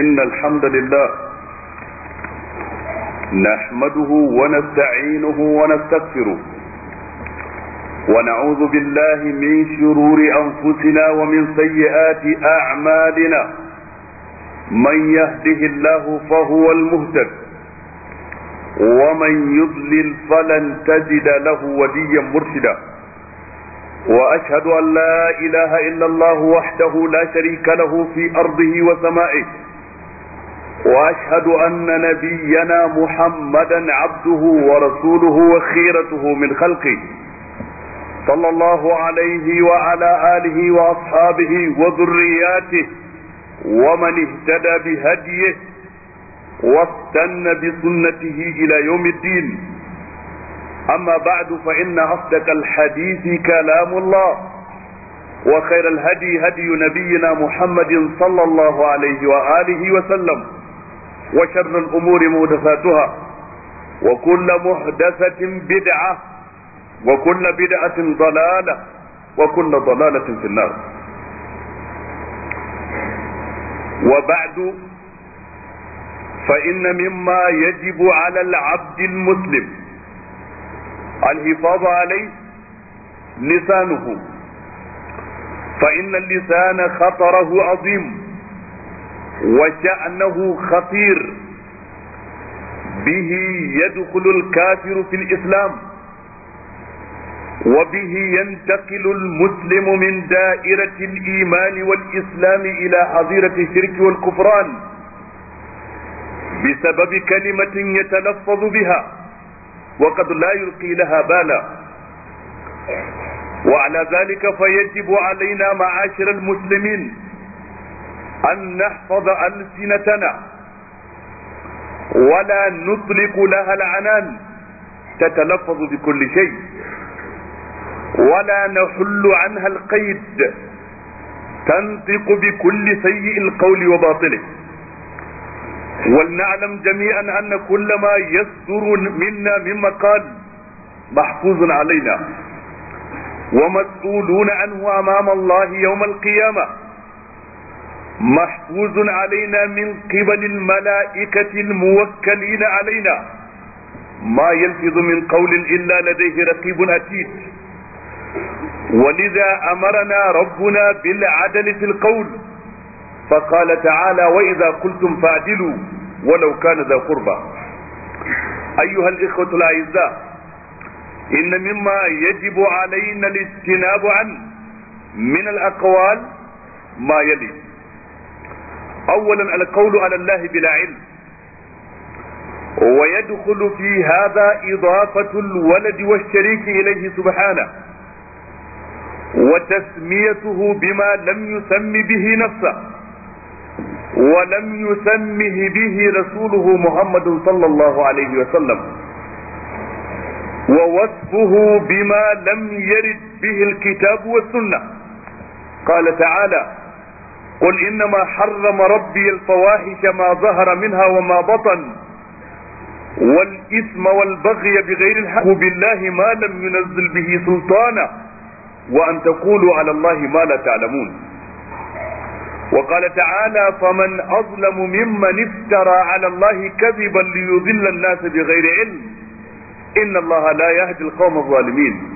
إن الحمد لله نحمده ونستعينه ونستغفره ونعوذ بالله من شرور أنفسنا ومن سيئات أعمالنا من يهده الله فهو المهتد ومن يضلل فلن تجد له وليا مرشدا واشهد ان لا اله الا الله وحده لا شريك له في ارضه وسمائه واشهد ان نبينا محمدا عبده ورسوله وخيرته من خلقه صلى الله عليه وعلى اله واصحابه وذرياته ومن اهتدى بهديه واستنى بسنته الى يوم الدين اما بعد فان اصدق الحديث كلام الله وخير الهدي هدي نبينا محمد صلى الله عليه واله وسلم وشر الأمور محدثاتها وكل محدثة بدعة وكل بدعة ضلالة وكل ضلالة في النار وبعد فإن مما يجب على العبد المسلم الحفاظ عليه لسانه فإن اللسان خطره عظيم وشأنه خطير به يدخل الكافر في الإسلام وبه ينتقل المسلم من دائرة الإيمان والإسلام إلى حظيرة الشرك والكفران بسبب كلمة يتلفظ بها وقد لا يلقي لها بالا وعلى ذلك فيجب علينا معاشر المسلمين أن نحفظ ألسنتنا ولا نطلق لها العنان تتلفظ بكل شيء ولا نحل عنها القيد تنطق بكل سيء القول وباطله ولنعلم جميعا أن كل ما يصدر منا من مقال محفوظ علينا ومسؤولون عنه أمام الله يوم القيامة محفوظ علينا من قبل الملائكة الموكلين علينا ما يلفظ من قول إلا لديه رقيب أتيت ولذا أمرنا ربنا بالعدل في القول فقال تعالى وإذا قلتم فاعدلوا ولو كان ذا قربى أيها الإخوة الأعزاء إن مما يجب علينا الاجتناب عنه من الأقوال ما يلي اولا القول على الله بلا علم ويدخل في هذا اضافه الولد والشريك اليه سبحانه وتسميته بما لم يسم به نفسه ولم يسمه به رسوله محمد صلى الله عليه وسلم ووصفه بما لم يرد به الكتاب والسنه قال تعالى قل انما حرم ربي الفواحش ما ظهر منها وما بطن والاثم والبغي بغير الحق بالله ما لم ينزل به سلطانا وان تقولوا على الله ما لا تعلمون وقال تعالى فمن اظلم ممن افترى على الله كذبا ليضل الناس بغير علم ان الله لا يهدي القوم الظالمين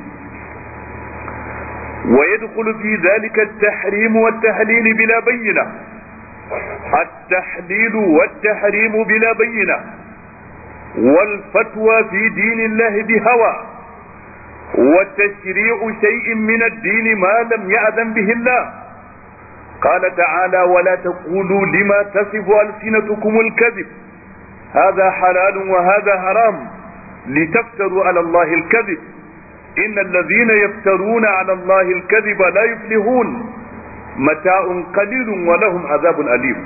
ويدخل في ذلك التحريم والتحليل بلا بينة التحليل والتحريم بلا بينة والفتوى في دين الله بهوى وتشريع شيء من الدين ما لم يأذن به الله قال تعالى ولا تقولوا لما تصف ألسنتكم الكذب هذا حلال وهذا حرام لتفتروا على الله الكذب إن الذين يفترون على الله الكذب لا يفلحون متاع قليل ولهم عذاب أليم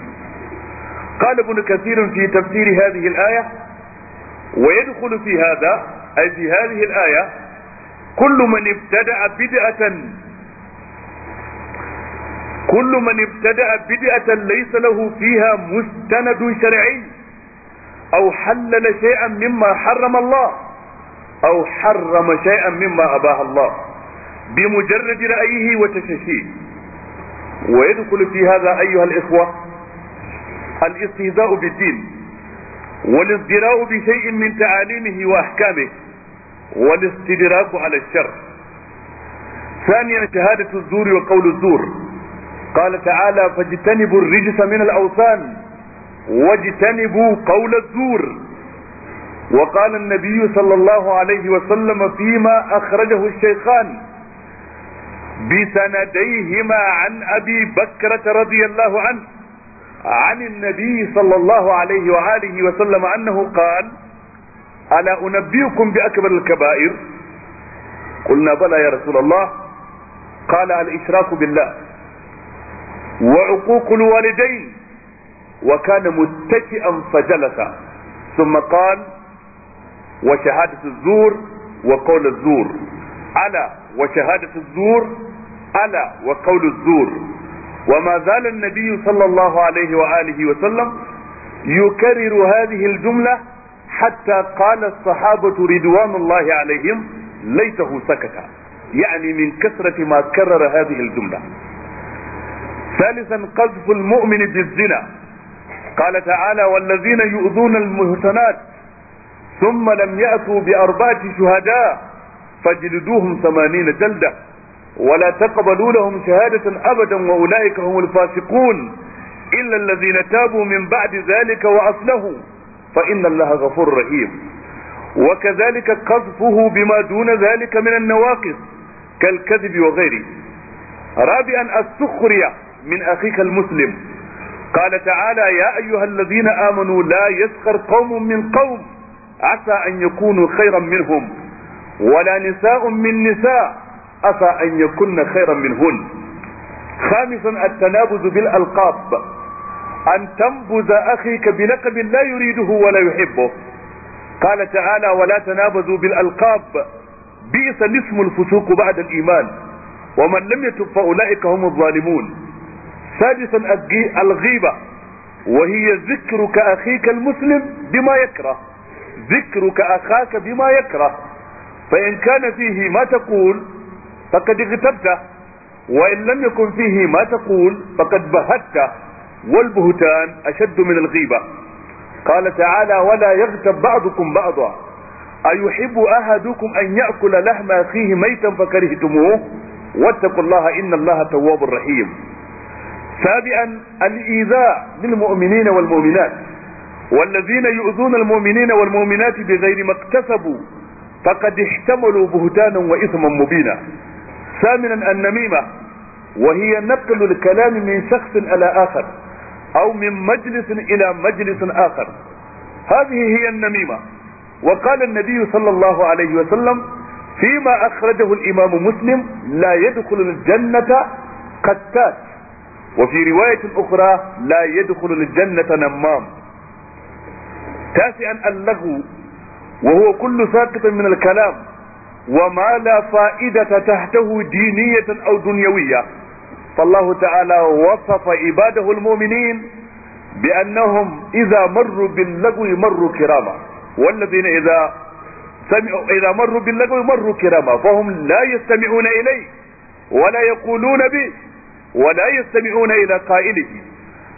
قال ابن كثير في تفسير هذه الآية ويدخل في هذا أي في هذه الآية كل من ابتدع بدعة كل من ابتدع بدعة ليس له فيها مستند شرعي أو حلل شيئا مما حرم الله أو حرم شيئا مما أباه الله بمجرد رأيه وتشهيه ويدخل في هذا أيها الإخوة الاستهزاء بالدين والازدراء بشيء من تعاليمه وأحكامه والاستدراك على الشر ثانيا شهادة الزور وقول الزور قال تعالى فاجتنبوا الرجس من الأوثان واجتنبوا قول الزور وقال النبي صلى الله عليه وسلم فيما أخرجه الشيخان بسنديهما عن أبي بكرة رضي الله عنه عن النبي صلى الله عليه وآله وسلم أنه قال ألا أنبئكم بأكبر الكبائر قلنا بلى يا رسول الله قال الإشراك بالله وعقوق الوالدين وكان متكئا فجلس ثم قال وشهادة الزور وقول الزور ألا وشهادة الزور ألا وقول الزور وما زال النبي صلى الله عليه وآله وسلم يكرر هذه الجملة حتى قال الصحابة رضوان الله عليهم ليته سكت يعني من كثرة ما كرر هذه الجملة ثالثا قذف المؤمن بالزنا قال تعالى والذين يؤذون المهتنات ثم لم يأتوا بأربعة شهداء فجلدوهم ثمانين جلدة ولا تقبلوا لهم شهادة أبدا وأولئك هم الفاسقون إلا الذين تابوا من بعد ذلك وأصلحوا فإن الله غفور رحيم وكذلك قذفه بما دون ذلك من النواقص كالكذب وغيره رابعا السخرية من أخيك المسلم قال تعالى يا أيها الذين آمنوا لا يسخر قوم من قوم عسى أن يكونوا خيرا منهم ولا نساء من نساء عسى أن يكن خيرا منهن خامسا التنابز بالألقاب أن تنبذ أخيك بلقب لا يريده ولا يحبه قال تعالى ولا تنابزوا بالألقاب بئس الاسم الفسوق بعد الإيمان ومن لم يتب فأولئك هم الظالمون سادسا الغيبة وهي ذكرك أخيك المسلم بما يكره ذكرك أخاك بما يكره فإن كان فيه ما تقول فقد اغتبته وإن لم يكن فيه ما تقول فقد بهته والبهتان أشد من الغيبة قال تعالى ولا يغتب بعضكم بعضا أيحب أحدكم أن يأكل لحم أخيه ميتا فكرهتموه واتقوا الله إن الله تواب رحيم سابعا الإيذاء للمؤمنين والمؤمنات والذين يؤذون المؤمنين والمؤمنات بغير ما اكتسبوا فقد احتملوا بهتانا واثما مبينا ثامنا النميمه وهي نقل الكلام من شخص الى اخر او من مجلس الى مجلس اخر هذه هي النميمه وقال النبي صلى الله عليه وسلم فيما اخرجه الامام مسلم لا يدخل الجنه قتات وفي روايه اخرى لا يدخل الجنه نمام تاسعا اللغو وهو كل ساقط من الكلام وما لا فائدة تحته دينية أو دنيوية فالله تعالى وصف عباده المؤمنين بأنهم إذا مروا باللغو مروا كراما والذين إذا سمعوا إذا مروا باللغو مروا كراما فهم لا يستمعون إليه ولا يقولون به ولا يستمعون إلى قائله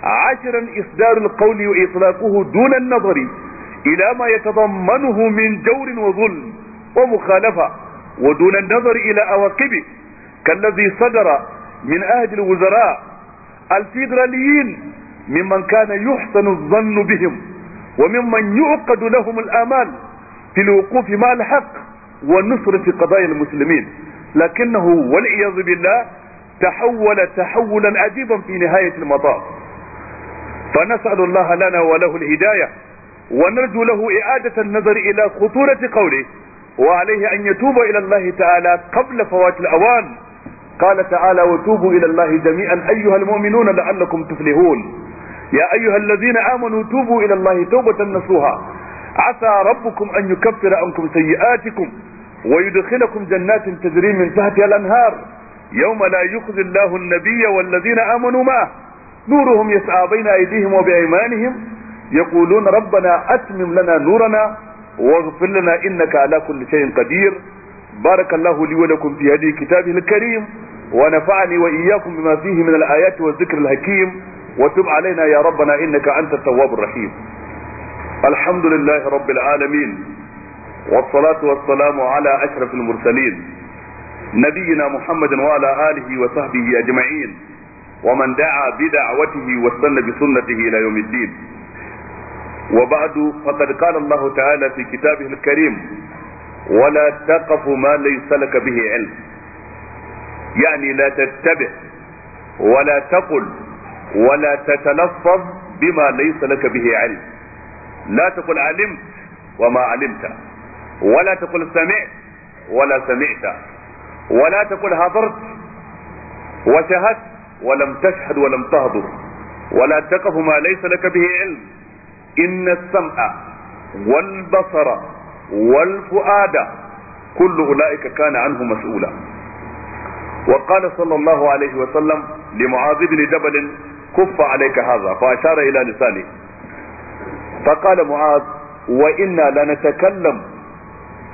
عاشرا إصدار القول وإطلاقه دون النظر إلى ما يتضمنه من جور وظلم ومخالفة ودون النظر إلى عواقبه كالذي صدر من أهل الوزراء الفيدراليين ممن كان يحسن الظن بهم وممن يعقد لهم الآمال في الوقوف مع الحق والنصرة في قضايا المسلمين لكنه والعياذ بالله تحول تحولا عجيبا في نهاية المطاف فنسأل الله لنا وله الهداية ونرجو له إعادة النظر إلى خطورة قوله وعليه أن يتوب إلى الله تعالى قبل فوات الأوان قال تعالى وتوبوا إلى الله جميعا أيها المؤمنون لعلكم تفلحون يا أيها الذين آمنوا توبوا إلى الله توبة نصوها عسى ربكم أن يكفر عنكم سيئاتكم ويدخلكم جنات تجري من تحتها الأنهار يوم لا يخزي الله النبي والذين آمنوا معه نورهم يسعى بين أيديهم وبأيمانهم يقولون ربنا أتمم لنا نورنا واغفر لنا إنك على كل شيء قدير بارك الله لي ولكم في هذه كتابه الكريم ونفعني وإياكم بما فيه من الآيات والذكر الحكيم وتب علينا يا ربنا إنك أنت التواب الرحيم الحمد لله رب العالمين والصلاة والسلام على أشرف المرسلين نبينا محمد وعلى آله وصحبه أجمعين ومن دعا بدعوته واستنى بسنته إلى يوم الدين وبعد فقد قال الله تعالى في كتابه الكريم ولا تقف ما ليس لك به علم يعني لا تتبع ولا تقل ولا تتلفظ بما ليس لك به علم لا تقل علمت وما علمت ولا تقل سمعت ولا سمعت ولا تقل حضرت وشهدت ولم تشهد ولم تهضر ولا تقف ما ليس لك به علم إن السمع والبصر والفؤاد كل أولئك كان عنه مسؤولا وقال صلى الله عليه وسلم لمعاذ بن جبل كف عليك هذا فأشار إلى لسانه فقال معاذ وإنا لنتكلم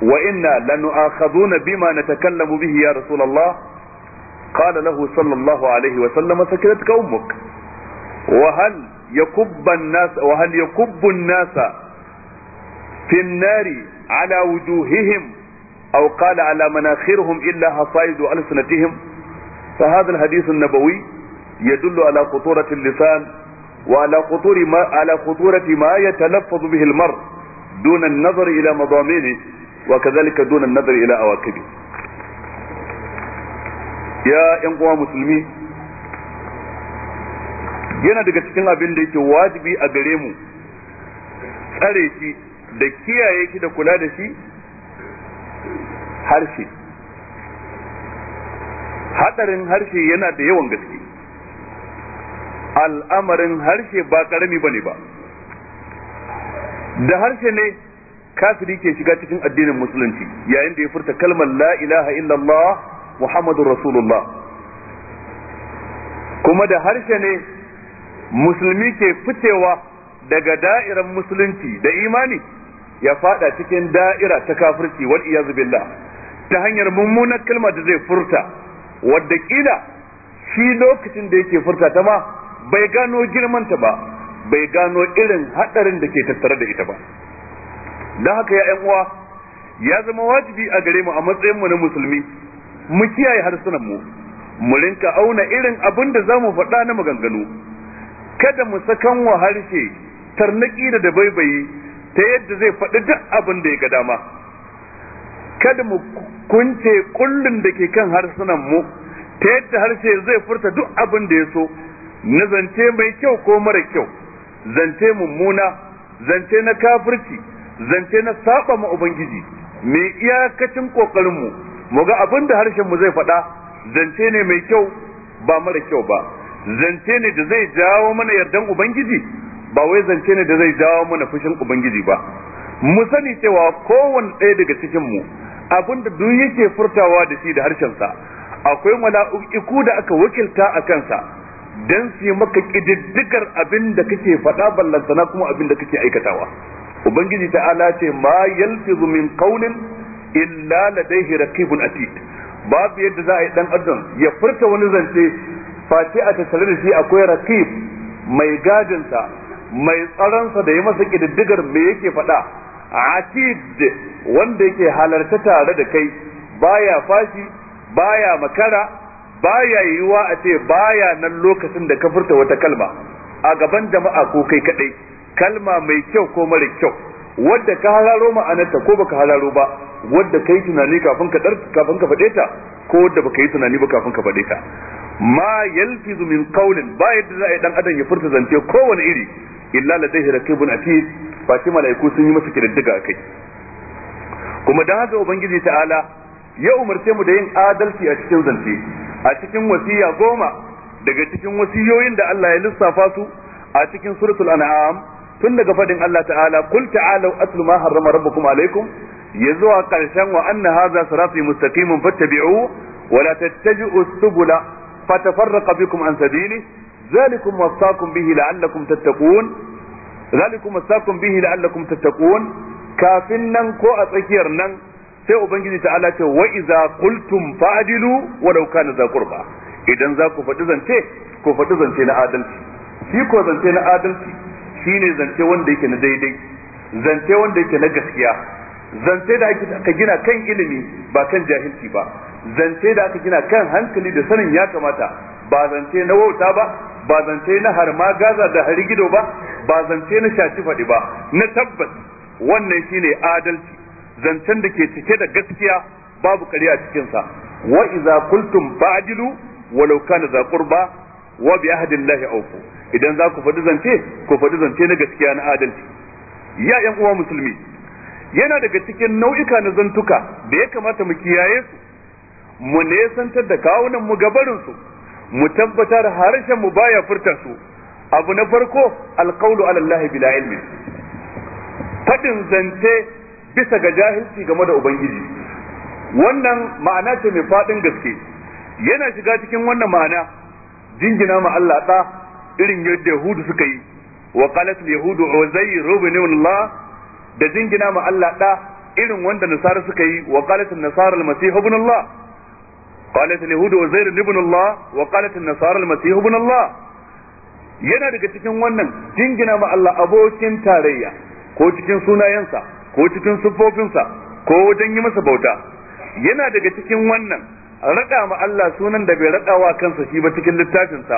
وإنا لنؤاخذون بما نتكلم به يا رسول الله قال له صلى الله عليه وسلم سكنتك أمك وهل يكب الناس وهل يكب الناس في النار على وجوههم أو قال على مناخرهم إلا حصائد ألسنتهم فهذا الحديث النبوي يدل على خطورة اللسان وعلى خطور ما على خطورة ما يتلفظ به المرء دون النظر إلى مضامينه وكذلك دون النظر إلى أواكبه يا إخوة مسلمين yana daga cikin abin da yake wajibi a gare mu tsare shi da kiyaye shi da kula da shi harshe hadarin harshe yana da yawan gaske al'amarin harshe ba karami ne ba da harshe ne kafiri ke shiga cikin addinin musulunci yayin da ya furta kalmar la ilaha illallah muhammadur rasulullah kuma da harshe ne musulmi ke fitewa daga da'irar musulunci da imani ya fada cikin da'ira ta kafirci wal iyazu billah ta hanyar mummunar kalma da zai furta wadda kila shi lokacin da yake furta ta ma bai gano girman ta ba bai gano irin hadarin da ke tattare da ita ba don haka ya uwa ya zama wajibi a gare mu a matsayin mu na musulmi mu kiyaye harsunan mu mu rinka auna irin abin da zamu faɗa na maganganu kada mu sakan wa harshe tarnaki da dabaibaye ta yadda zai faɗi duk abin da ya ga dama kada mu kunce kullun da ke kan harsunan mu ta yadda harshe zai furta duk abin da ya so na zance mai kyau ko mara kyau zance mummuna zance na kafirci zance na saba ma ubangiji mai iyakacin kokarin mu mu ga abin da harshen mu zai faɗa zance ne mai kyau ba mara kyau ba zance ne da zai jawo mana yardan ubangiji ba wai zance ne da zai jawo mana fushin ubangiji ba mu sani cewa kowanne ɗaya daga cikin mu da duk yake furtawa da shi da harshensa akwai mala'iku da aka wakilta a kansa dan su yi maka kididdigar abin da kake faɗa ballantana kuma abin da kake aikatawa ubangiji ta'ala ce ma yalfizu min qawlin illa ladayhi raqibun atid babu yadda za a yi dan adam ya furta wani zance Fati a tattare da shi akwai rakib mai gadinsa mai tsaronsa da ya masa kididdigar me yake faɗa atid wanda yake halarta tare da kai baya fashi baya makara baya yiwuwa a ce baya nan lokacin da ka furta wata kalma a gaban jama'a ko kai kadai kalma mai kyau ko mara kyau wadda ka hararo ma'anarta ko baka hararo ba wadda ka yi tunani kafin ka kafin ko wadda baka yi tunani ba kafin ka faɗe ta ma yalfizu min qawlin ba yadda za a yi dan adam ya furta zance kowane iri illa ladaihi raqibun atid ba shi malaiku sun yi masa kididdiga kai. kuma dan haka ubangiji ta'ala ya umarce mu da yin adalci a cikin zance a cikin wasiya goma daga cikin wasiyoyin da Allah ya lissafa su a cikin suratul an'am tun daga fadin Allah ta'ala kul ta'alu atlu ma harrama rabbukum alaikum zuwa karshen wa anna hadha sirati mustaqimun fattabi'u wa la tattabi'u subula فتفرق بكم عن سبيله ذلكم وصاكم به لعلكم تتقون ذلكم وصاكم به لعلكم تتقون كافن نن كو اتسكير نن sai ubangiji ta'ala ce wa iza qultum fa'dilu walau kana za qurba idan za ku faɗi zance ku faɗi zance na adalci shi ko zance na adalci shine zance wanda yake na daidai zance wanda yake na gaskiya zance da ake ka gina kan ilimi ba kan jahilci ba zance da aka gina kan hankali da sanin ya kamata ba zance na wauta ba ba zance na harma gaza da harigido ba ba zance na shaci faɗi ba na tabbas wannan shine adalci zancen da ke cike da gaskiya babu ƙarya a cikinsa wa iza qultum ba'dilu walau kana za qurba wa bi ahdillahi awfu idan za ku faɗi zance ku faɗi zance na gaskiya na adalci ya ƴan uwa musulmi yana daga cikin nau'ika na zantuka da ya kamata mu kiyaye su mu nesantar da kawunan mu gabarin su mu tabbatar harshen mu baya furta su abu na farko alqawlu ala Allah bila ilmi fadin zance bisa ga jahilci game da ubangiji wannan ma'ana ce mai fadin gaske yana shiga cikin wannan ma'ana jingina ma Allah ɗa irin yadda Yahudu suka yi wa qalat yahudu uzair ibn Allah da jingina ma Allah ɗa irin wanda nasara suka yi wa qalat an-nasara al-masih قالت اليهود وزير ابن الله وقالت النصارى المسيح ابن الله yana daga cikin wannan jingina ma Allah abokin tarayya ko cikin sunayensa ko cikin siffofinsa ko wajen yi masa bauta yana daga cikin wannan raɗa ma Allah sunan da bai raɗa kansa shi ba cikin littafinsa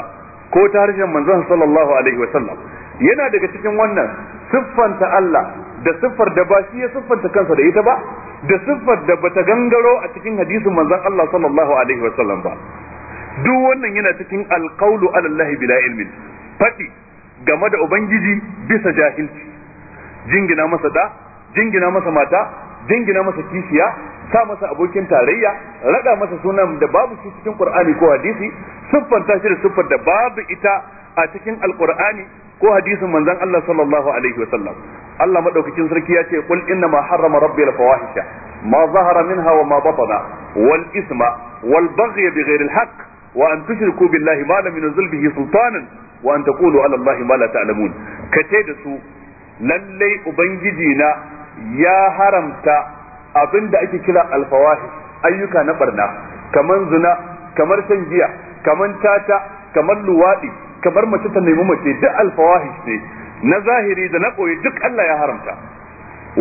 ko ta harshen manzon sallallahu alaihi wa sallam yana daga cikin wannan siffanta Allah da siffar da ba shi ya siffanta kansa da ita ba da siffar da bata gangaro a cikin hadisin manzon Allah sallallahu alaihi wasallam ba duk wannan yana cikin alqaulu ala Allah bila ilmin fadi game da ubangiji bisa jahilci jingina masa da jingina masa mata jingina masa kishiya sa masa abokin tarayya rada masa sunan da babu shi cikin qur'ani ko hadisi siffanta shi da siffar da babu ita a cikin alqur'ani ko hadisin manzon Allah sallallahu alaihi wa sallam Allah madaukakin sarki ya ce kul inna ma harrama rabbi al-fawahisha ma zahara minha wa ma batana wal isma wal baghy bighayri al-haqq wa an tushriku billahi ma lam yunzil bihi sultanan wa an taqulu ala allahi ma la ta'lamun kace da su lallai ubangiji na ya haramta abin da ake kira al-fawahish ayyuka na barna Kamar zina kamar shan giya Kamar tata kamar luwaɗi kamar mace ta nemi mace duk alfawahish ne na zahiri da na koyi duk Allah ya haramta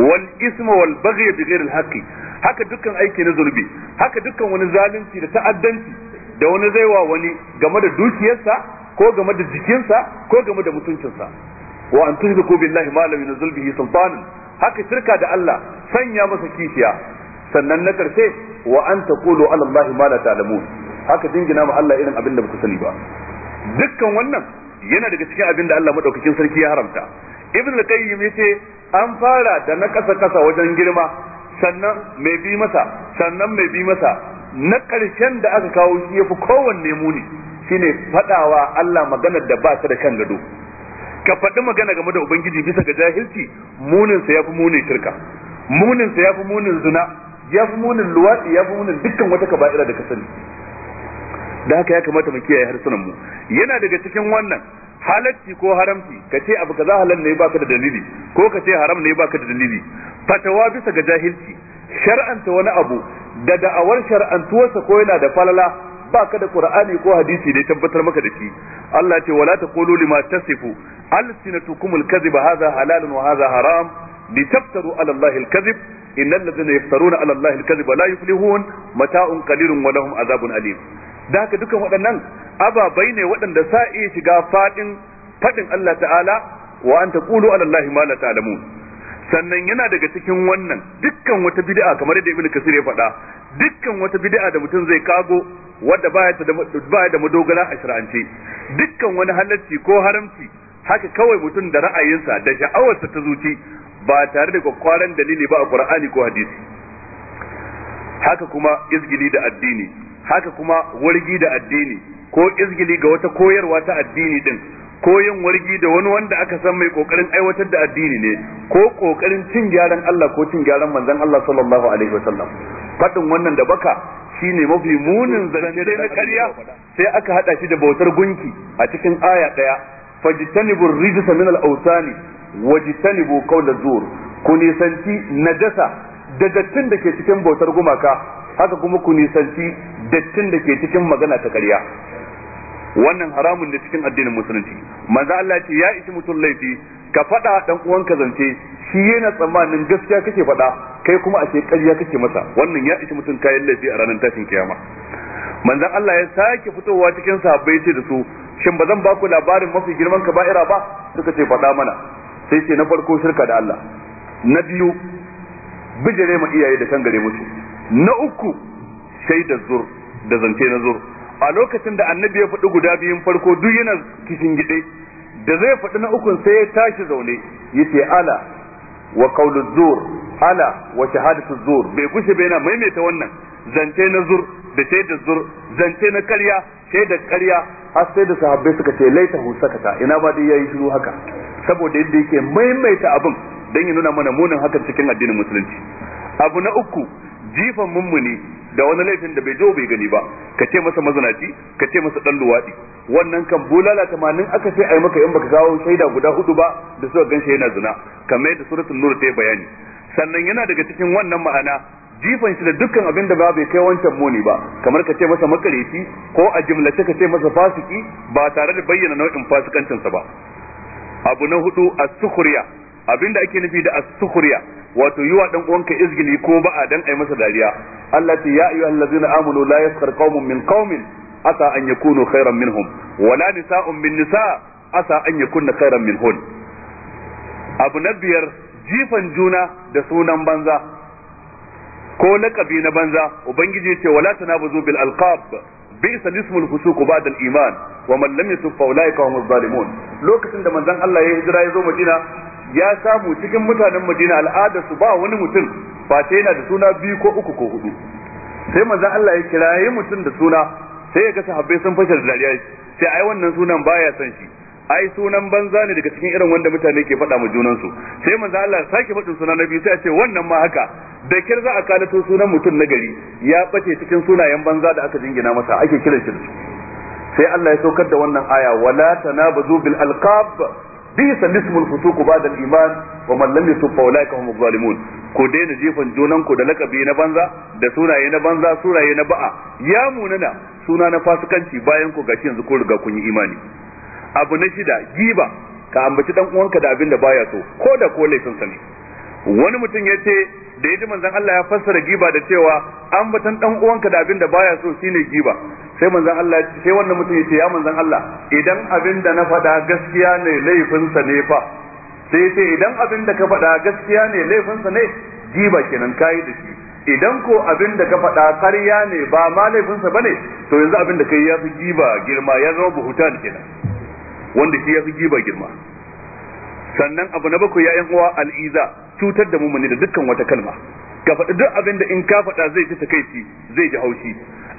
wal isma wal baghy bi ghairi al haqqi haka dukkan aiki na zulbi haka dukkan wani zalunci da ta'addanci da wani zaiwa wani game da dukiyarsa ko game da jikinsa ko game da mutuncinsa wa an tushriku billahi ma lam yunzil bihi sultanan haka shirka da Allah sanya masa kishiya sannan na karshe wa an taqulu ala allahi ma la ta'lamun haka dingina ma Allah irin abin da ba sani ba dukkan wannan yana daga cikin abin da Allah madaukakin sarki ya haramta ibn al-qayyim yace an fara da na kasa kasa wajen girma sannan mai bi masa sannan mai bi masa na karshen da aka kawo shi yafi kowanne muni shine fadawa Allah maganar da ba ta da kan gado ka faɗi magana game da ubangiji bisa ga jahilci munin sa yafi munin shirka munin sa yafi munin zina yafi munin luwadi yafi munin dukkan wata kaba'ira da ka sani da haka ya kamata mu kiyaye harsunan mu yana daga cikin wannan halacci ko haramci ka ce abu kaza halal ne baka da dalili ko ka ce haram ne baka da dalili fatawa bisa ga jahilci shar'anta wani abu da da'awar shar'antuwarsa ko yana da falala baka da qur'ani ko hadisi da tabbatar maka da shi Allah ya ce wala taqulu lima tasifu alsinatukum alkaziba hadha halalun wa hadha haram litaftaru ala allahi alkazib innal ladhina yaftaruna ala allahi alkaziba la yuflihun mata'un qalilun wa lahum azabun alim da haka dukan waɗannan ababai ne waɗanda sa iya shiga faɗin faɗin Allah ta'ala wa an taqulu ala Allah ma la ta'lamun sannan yana daga cikin wannan dukkan wata bid'a kamar yadda Ibn Kasir ya faɗa dukkan wata bid'a da mutum zai kago wadda baya da baya da madogara a shar'ance dukkan wani halacci ko haramci haka kawai mutum da ra'ayinsa da sha'awarsa ta zuci ba tare da kwakwaran dalili ba a Qur'ani ko hadisi haka kuma izgili da addini haka kuma wargi da addini ko izgili ga wata koyarwa ta addini din ko yin wargi da wani wanda aka san mai kokarin aiwatar da addini ne ko kokarin cin gyaran Allah ko cin gyaran manzon Allah sallallahu alaihi wasallam fadin wannan da baka shine mafi munin zance na ƙarya sai aka hada shi da bautar gunki a cikin aya daya fajtanibu rijsa min al-awsani wajtanibu qawla zur ku nisanci najasa da dattin da ke cikin bautar gumaka haka kuma ku nisanci dattin da ke cikin magana ta ƙarya wannan haramun da cikin addinin musulunci manzo Allah ce ya isi mutum laifi ka faɗa dan uwan ka zance shi yana tsammanin gaskiya kake faɗa kai kuma a ƙarya kake masa wannan ya isi mutum kayan laifi a ranar tashin kiyama manzo Allah ya sake fitowa cikin sahabbai ce da su shin ba zan ba ku labarin mafi girman ka ba suka ce faɗa mana sai ce na farko shirka da Allah na biyu bijire ma iyaye da kan gare musu na uku shaida zur da zance na zur a lokacin da annabi ya faɗi guda biyun farko duk yana kishin gide da zai faɗi na ukun sai ya tashi zaune yace ala wa qawlu zur ala wa shahadatu zur bai gushe bai na maimaita wannan zance na zur da shaida zur zance na karya shaida karya har sai da sahabbai suka ce laita hu sakata ina ba dai yayi shiru haka saboda yadda yake maimaita abin dan ya nuna mana munin hakan cikin addinin musulunci abu na uku jifan mummuni da wani laifin da bai zo bai gani ba ka ce masa mazanaci ka ce masa dan luwadi wannan kan bulala tamanin aka sai ai maka in baka kawo shaida guda hudu ba da suka ganshi yana zina kamar yadda suratul nur ta bayani sannan yana daga cikin wannan ma'ana jifan shi da dukkan abin da ba bai kai wancan muni ba kamar ka ce masa makareci ko a jimlace ka ce masa fasiki ba tare da bayyana nau'in fasikancinsa ba abu na hudu as-sukhriya abinda ake nufi da as-sukhriya wato yiwa ɗan uwanka izgili ko a dan ai masa dariya Allah ce ya ayyuhal ladzina amanu la layaskar qaumun min qaumin asa an yakunu khairan minhum wala nisa'un min nisa asa an yakunna khairan minhun abu na biyar jifan juna da sunan banza ko lakabi na banza ubangiji ce wala tanabuzu bil alqab bi'sa ismul fusuq ba'da al iman wa man lam yatub fa ulaika humuz zalimun lokacin da manzon Allah ya hijira ya zo Madina ya samu cikin mutanen Madina al'ada su ba wani mutum ba sai yana da suna biyu ko uku ko hudu sai manzon Allah ya kira yi mutum da suna sai ya ga sahabbai sun fashar dariya sai ai wannan sunan baya son shi ai sunan banza ne daga cikin irin wanda mutane ke faɗa ma junansu sai manzo Allah sake faɗin suna na biyu sai a ce wannan ma haka da kir za a kalato sunan mutum na gari ya bace cikin sunayen banza da aka jingina masa ake kiran shi sai Allah ya saukar da wannan aya wala tanabazu bil alqab bisa lismul fusuq ba'da al-iman wa man lam yatub fa ulaika zalimun ko daina jifan junan ku da lakabi na banza da suraye na banza suraye na ba'a ya munana suna na fasikanci bayan ku gashi yanzu ko riga kun yi imani abu na shida giba ka ambaci dan uwanka da abin da baya so ko da ko laifin sa ne wani mutum ya ce da yadda manzon Allah ya fassara giba da cewa an batan dan uwanka da abin da baya so shine giba sai manzon Allah sai wannan mutum ya ce ya manzon Allah idan abin da na faɗa gaskiya ne laifinsa ne fa sai sai idan abin da ka faɗa gaskiya ne laifinsa ne giba kenan kai da shi idan ko abin da ka faɗa ƙarya ne ba ma laifinsa ba ne to yanzu abin da kai ya fi giba girma ya zama buhutan kenan wanda shi ya fi giba girma sannan abu na bakwai ya'yan uwa al'iza cutar da mumuni da dukkan wata kalma ka faɗi duk abin da in ka faɗa zai ci takaici zai ji haushi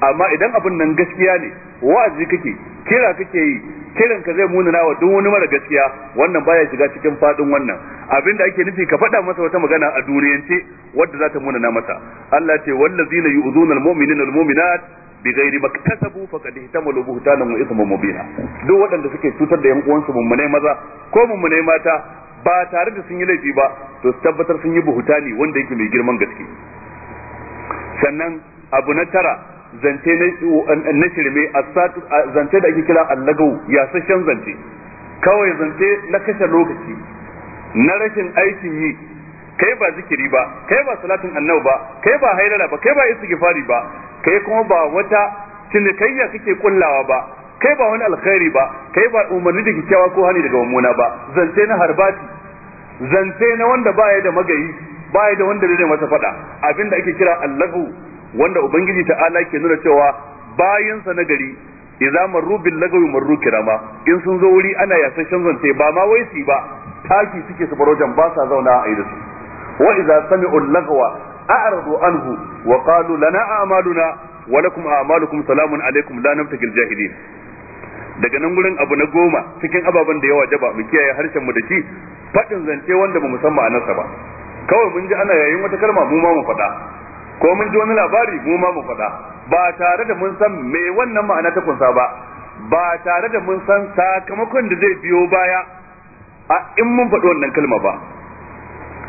amma idan abin nan gaskiya ne wa'azi kake kira kake yi kiran ka zai munana wa duk wani mara gaskiya wannan baya shiga cikin fadin wannan abin da ake nufi ka faɗa masa wata magana a duniyance wadda za ta munana masa Allah ce wallazina yu'zuna almu'minina almu'minat bighairi maktasabu faqad ihtamalu buhtanan wa ithman mubina duk waɗanda suke cutar da yan uwansu mummunai maza ko mummunai mata ba tare da sun yi laifi ba to su tabbatar sun yi buhuta ne wanda yake mai girman gaske sannan abu na tara zance na shirme zance da ake kira allagau yasashen zance kawai zance na kashe lokaci na rashin aikin yi kai ba zikiri ba kai ba salatin annabi ba kai ba hairara ba kai ba istighfari ba kai kuma ba wata cinikayya kake kullawa ba kai ba wani alkhairi ba kai ba umarni da kikkiawa ko hani daga mummuna ba zance na harbati zance na wanda baya da magayi baya da wanda zai masa fada abinda ake kira allahu wanda ubangiji ta'ala ke nuna cewa bayansa na gari idza marru bil lagawi marru kirama in sun zo wuri ana yasashen zance ba ma waisi ba taki suke su barojan ba sa zauna a yi da su wa idza sami'u lagwa a'radu anhu wa qalu lana a'maluna wa lakum a'malukum salamun alaikum la namtakil jahidin daga nan gurin abu na goma cikin ababen da ya jaba mu kiyaye harshen mu da shi fadin zance wanda ba mu san ma'anarsa ba kawai mun ji ana yayin wata kalma mu ma mu faɗa ko mun ji wani labari mu ma mu faɗa ba tare da mun san me wannan ma'ana ta kunsa ba ba tare da mun san sakamakon da zai biyo baya a in mun faɗi wannan kalma ba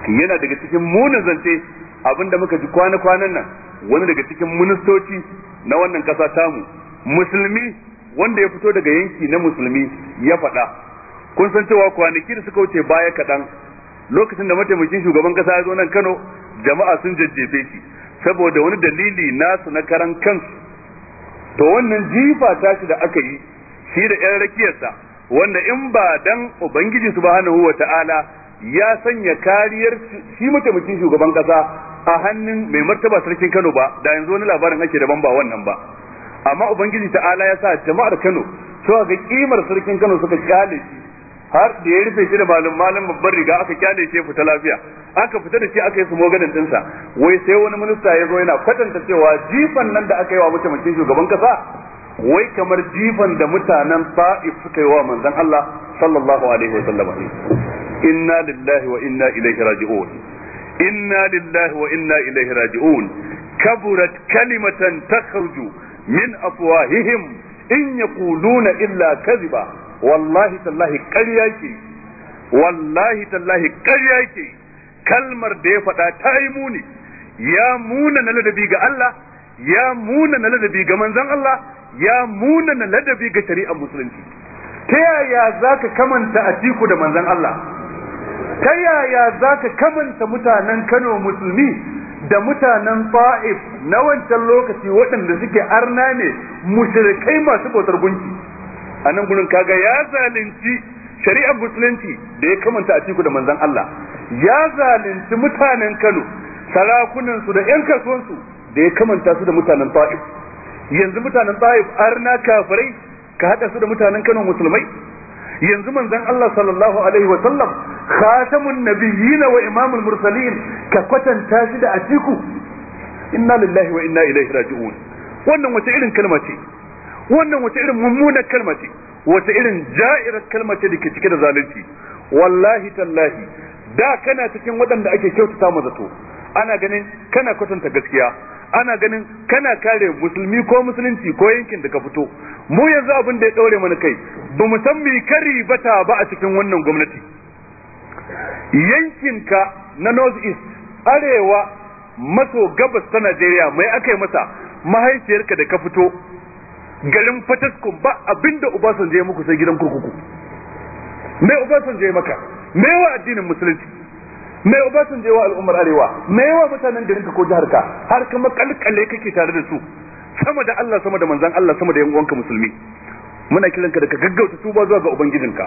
yana daga cikin munin zance abinda muka ji kwana-kwanan nan wani daga cikin ministoci na wannan ƙasa tamu musulmi wanda ya fito daga yanki na musulmi ya faɗa kun san cewa kwanaki da suka wuce baya kaɗan lokacin da mataimakin shugaban kasa ya zo nan Kano jama'a sun jajjefe shi saboda wani dalili nasu na karan kansu to wannan jifa shi da aka yi shi da yan rakiyarsa wanda in ba dan ubangiji subhanahu ta'ala ya sanya kariyar shi mataimakin shugaban kasa a hannun mai martaba sarkin Kano ba da yanzu wani labarin ake daban ba wannan ba amma ubangiji Ala ya sa jama'ar Kano suka ga kimar sarkin Kano suka kyale shi har da ya rufe shi da malum malam babbar riga aka kyale shi fita lafiya aka fita da shi aka yi sumoganin dinsa wai sai wani minista ya zo yana kwatanta cewa jifan nan da aka yi wa mutumin shugaban kasa wai kamar jifan da mutanen fa'if suka yi wa manzon Allah sallallahu alaihi wa sallam inna lillahi wa inna ilaihi raji'un inna lillahi wa inna ilaihi raji'un kaburat kalimatan takhruju min afwahihim in yaquluna illa kadhiba wallahi tallahi ƙarya ke wallahi tallahi ƙarya ke kalmar da ya faɗa ta yi muni ya muna na ladabi ga Allah ya muna na ladabi ga manzon Allah ya muna na ladabi ga shari'ar musulunci ta yaya za ka kamanta atiku da manzon Allah ta yaya za ka kamanta mutanen Kano musulmi da mutanen faif na wancan lokaci waɗanda suke arna ne mushrikai masu bautar gunki a nan gudun kaga ya zalunci shari'ar musulunci da ya kamanta a ciku da manzan Allah ya zalunci mutanen Kano sarakuninsu da yan kasuwansu da ya kamanta su da mutanen Taif yanzu mutanen Taif arna kafirai ka haɗa su da mutanen Kano musulmai yanzu manzan Allah sallallahu alaihi wa sallam khatamun nabiyyin wa imamul mursalin ka kwatanta shi da atiku inna lillahi wa inna ilaihi raji'un wannan wace irin kalma ce wannan wace irin mummunar kalma ce wace irin ja'irar kalma ce dake cike da zalunci wallahi tallahi da kana cikin waɗanda ake kyautata mu zato ana ganin kana kwatanta gaskiya ana ganin kana kare musulmi ko musulunci ko yankin da ka fito mu yanzu abin da ya ɗaure mana kai ba mu san mai kari bata ba a cikin wannan gwamnati yankinka na north east arewa maso gabas ta Najeriya mai aka yi masa mahaifiyarka da ka fito garin fataskun ba abinda Obasanjo ya muku sai gidan kurkuku mai Obasanjo ya maka mai yawa addinin musulunci mai Obasanjo ya wa al'ummar arewa mai yawa mutanen garinka ko jiharka har kuma kalkale kake tare da su sama da Allah sama da manzan Allah sama da yan uwanka musulmi muna kiranka da ka gaggauta tuba zuwa ga ubangijinka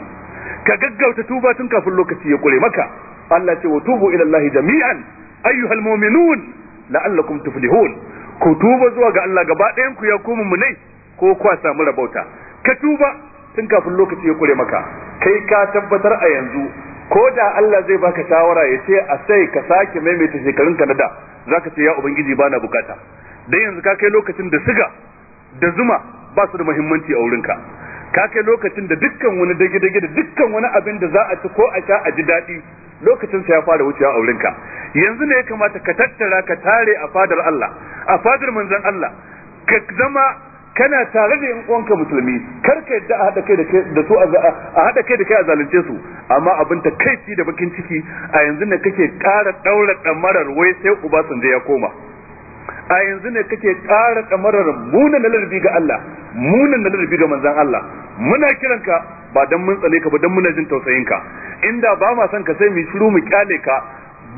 ka gaggauta tuba tun kafin lokaci ya kure maka Allah ce wa tubu ila Allah jami'an ayyuhal mu'minun la'allakum tuflihun ku tuba zuwa ga Allah gaba ɗayan ku ya koma mu ne ko kwa samu rabauta ka tuba tun kafin lokaci ya kure maka kai ka tabbatar a yanzu ko da Allah zai baka shawara ya ce a sai ka sake maimaita shekarun ka na da zaka ce ya ubangiji bana bukata dan yanzu ka kai lokacin da siga da zuma ba su da muhimmanci a wurinka ka kai lokacin da dukkan wani dage-dage da dukkan wani abin da za a ci ko a sha a ji daɗi lokacin sa ya fara wucewa a wurinka yanzu ne ya kamata ka tattara ka tare a fadar Allah a fadar manzon Allah ka zama kana tare da yan uwanka musulmi kar ka yadda a hada kai da su a hada kai da kai a zalunce su amma abin ta ci da bakin ciki a yanzu ne kake ƙara daura damarar wai sai uba je ya koma a yanzu ne kake ƙara damarar munan ladabi ga Allah munan ladabi ga manzon Allah muna kiranka ba dan mun tsale ka ba dan muna jin tausayin ka inda ba ma son ka sai mu shiru mu kyale ka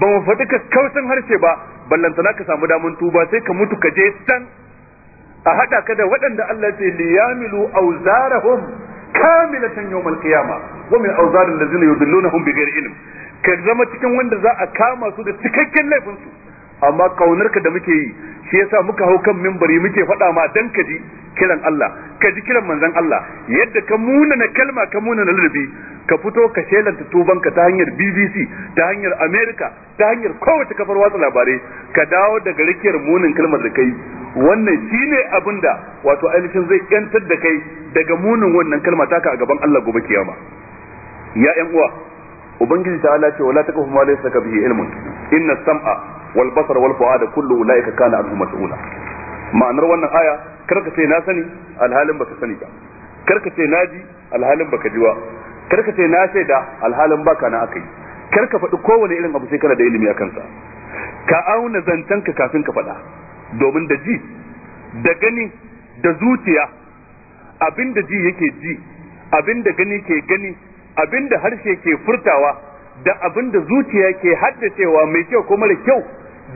ba mu faɗi ka kautan harshe ba ballantana ka samu damun tuba sai ka mutu ka je tan a hada ka da waɗanda Allah ce liyamilu awzarahum kamilatan yawmal qiyama wa min auzaril allazina yudillunahum bighairi ilm ka zama cikin wanda za a kama su da cikakken laifin su amma kaunar ka da muke yi shi yasa muka hau kan mimbari muke faɗa ma dan ka ji kiran Allah ka ji kiran manzon Allah yadda ka munana kalma ka munana ladabi ka fito ka shelanta tubanka ta hanyar BBC ta hanyar America ta hanyar kowace kafar watsa labarai ka dawo daga rikiyar munin kalmar da kai wannan shine abin da wato ainihin zai kyantar da kai daga munin wannan kalma taka a gaban Allah gobe kiyama ya ƴan uwa ubangiji ta Allah ce wala taqfu ma laysa ka bihi ilmun inna sam'a wal basara wal fuada kullu ulaika kana anhu mas'ula ma'anar wannan aya karka ce na sani alhalin baka sani ba karka ce na ji alhalin baka ji ba karka ce na sai da alhalin baka na akai karka faɗi kowane irin abu sai kana da ilimi a kansa ka auna ka kafin ka faɗa domin da ji da gani da zuciya abin da ji yake ji abin da gani ke gani abin da harshe ke furtawa da abin da zuciya ke haddacewa mai kyau ko mara kyau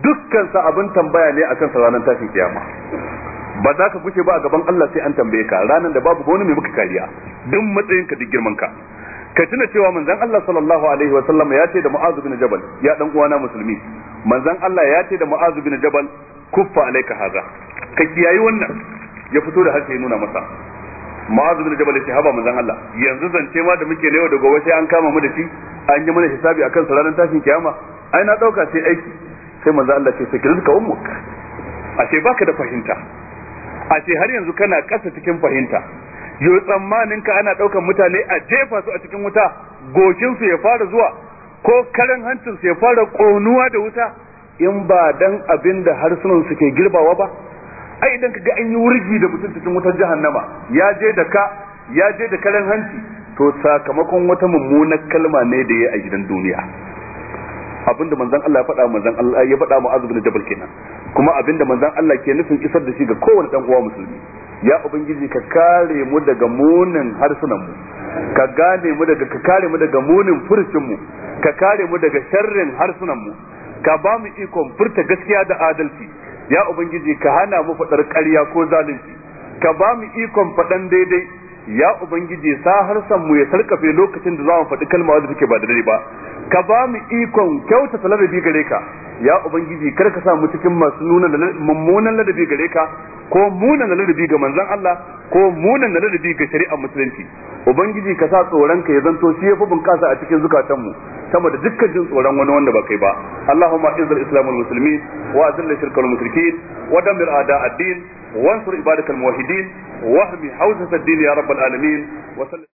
dukkan sa abin tambaya ne akan sa ranar tashin kiyama ba za ka gushe ba a gaban Allah sai an tambaye ka ranar da babu wani mai maka kariya duk matsayin ka duk girman ka ka tuna cewa manzon Allah sallallahu alaihi wa sallam ya ce da Mu'adh bin Jabal ya dan uwana musulmi manzon Allah ya ce da Mu'adh bin Jabal kuffa alaika haza ka kiyayi wannan ya fito da harshe nuna masa Mu'adh bin Jabal ya ce haba manzon Allah yanzu zance ma da muke ne yau da gobe sai an kama mu da shi an yi mana hisabi akan sa ranar tashin kiyama ai na dauka sai aiki sai manzo Allah ce ka ummuk a ce baka da fahimta a ce har yanzu kana kasa cikin fahimta yau tsammanin ka ana ɗaukan mutane a jefa su a cikin wuta su ya fara zuwa ko karen su ya fara konuwa da wuta in ba dan abin da harsunan su ke girbawa ba ai idan ka ga an yi wurgi da mutum cikin wutar jahannama ya je da ka ya je da karen hanci to sakamakon wata mummunar kalma ne da ya a gidan duniya abinda manzon Allah ya faɗa manzon Allah ya faɗa Mu'adh bin Jabal kenan kuma abinda manzon Allah ke nufin isar da shi ga kowane dan uwa musulmi ya ubangiji ka kare mu daga munin harsunan mu ka gane mu daga ka kare mu daga munin furucin mu ka kare mu daga sharrin harsunan mu ka ba mu ikon furta gaskiya da adalci ya ubangiji ka hana mu faɗar ƙarya ko zalunci ka ba mu ikon faɗan daidai ya ubangiji sa har harsan mu ya sarkafe lokacin da za mu faɗi kalma wadda take ba da dare ba ka ba mu ikon kyauta ladabi gare ka ya ubangiji kar ka sa mu cikin masu nuna mummunan ladabi gare ka ko munan ladabi ga manzon Allah ko munan ladabi ga shari'ar musulunci ubangiji ka sa tsoron ka ya zanto shi yafi bunƙasa a cikin zukatan mu sama da dukkan jin tsoron wani wanda ba kai ba Allahumma izzil islamul muslimin wa azil shirkal mushrikin wa damir a'da din وانصر عبادك الموحدين واهمي حوزة الدين يا رب العالمين وسلم